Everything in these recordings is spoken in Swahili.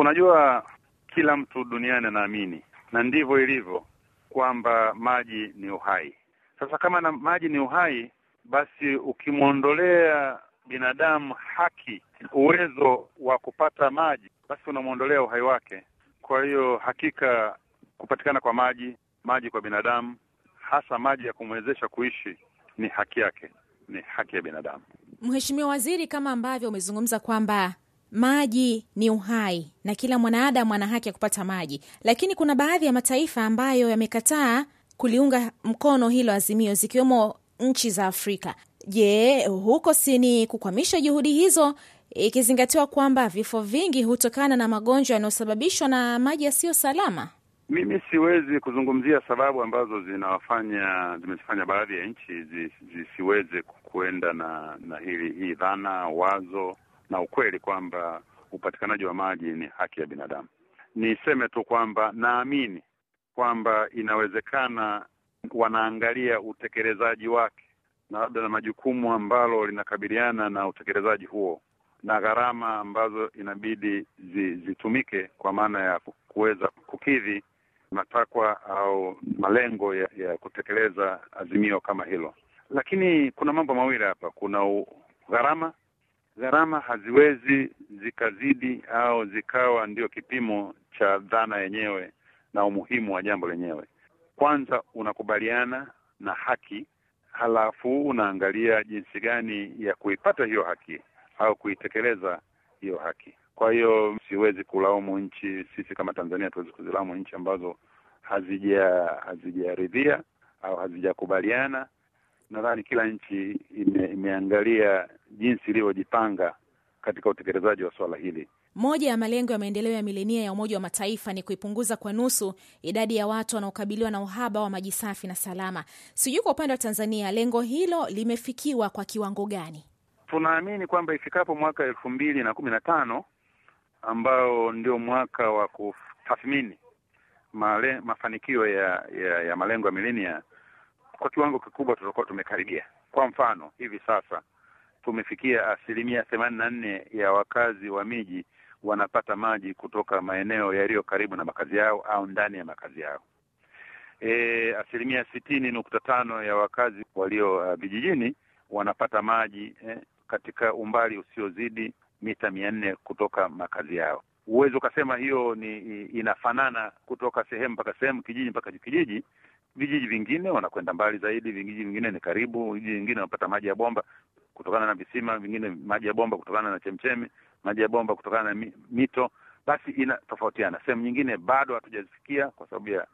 Unajua, kila mtu duniani anaamini na ndivyo ilivyo kwamba maji ni uhai. Sasa kama na maji ni uhai, basi ukimwondolea binadamu haki, uwezo wa kupata maji, basi unamwondolea uhai wake. Kwa hiyo hakika kupatikana kwa maji, maji kwa binadamu, hasa maji ya kumwezesha kuishi ni haki yake, ni haki ya binadamu. Mheshimiwa Waziri, kama ambavyo umezungumza kwamba maji ni uhai na kila mwanadamu ana haki ya kupata maji, lakini kuna baadhi ya mataifa ambayo yamekataa kuliunga mkono hilo azimio, zikiwemo nchi za Afrika. Je, huko sini kukwamisha juhudi hizo ikizingatiwa kwamba vifo vingi hutokana na magonjwa yanayosababishwa na maji yasiyo salama? Mimi siwezi kuzungumzia sababu ambazo zinawafanya zimefanya baadhi ya nchi zisiweze kuenda na na hili hii dhana wazo na ukweli kwamba upatikanaji wa maji ni haki ya binadamu. Niseme tu kwamba naamini kwamba inawezekana wanaangalia utekelezaji wake na labda na majukumu ambalo linakabiliana na utekelezaji huo na gharama ambazo inabidi zi, zitumike kwa maana ya kuweza kukidhi matakwa au malengo ya, ya kutekeleza azimio kama hilo. Lakini kuna mambo mawili hapa, kuna gharama gharama haziwezi zikazidi au zikawa ndio kipimo cha dhana yenyewe na umuhimu wa jambo lenyewe. Kwanza unakubaliana na haki, halafu unaangalia jinsi gani ya kuipata hiyo haki au kuitekeleza hiyo haki. Kwa hiyo siwezi kulaumu nchi, sisi kama Tanzania tuwezi kuzilaumu nchi ambazo hazija hazijaridhia au hazijakubaliana nadhani kila nchi ime, imeangalia jinsi ilivyojipanga katika utekelezaji wa swala hili. Moja ya malengo ya maendeleo ya milenia ya Umoja wa Mataifa ni kuipunguza kwa nusu idadi ya watu wanaokabiliwa na uhaba wa maji safi na salama. Sijui kwa upande wa Tanzania, lengo hilo limefikiwa kwa kiwango gani? Tunaamini kwamba ifikapo mwaka elfu mbili na kumi na tano ambao ndio mwaka wa kutathmini mafanikio ya, ya, ya malengo ya milenia kwa kiwango kikubwa tutakuwa tumekaribia. Kwa mfano, hivi sasa tumefikia asilimia themanini na nne ya wakazi wa miji wanapata maji kutoka maeneo yaliyo karibu na makazi yao au ndani ya makazi yao. E, asilimia sitini nukta tano ya wakazi walio uh, vijijini uh, wanapata maji eh, katika umbali usiozidi mita mia nne kutoka makazi yao. Huwezi ukasema hiyo ni inafanana kutoka sehemu mpaka sehemu, kijiji mpaka kijiji, Vijiji vingine wanakwenda mbali zaidi, vijiji vingine ni karibu, vijiji vingine wanapata maji ya bomba kutokana na visima, vingine maji ya bomba kutokana na chemchemi, maji ya bomba kutokana na mito. Basi inatofautiana. Sehemu nyingine bado hatujazifikia kwa sababu ya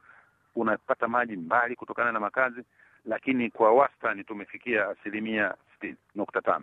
unapata maji mbali kutokana na makazi, lakini kwa wastani tumefikia asilimia sitini nukta tano.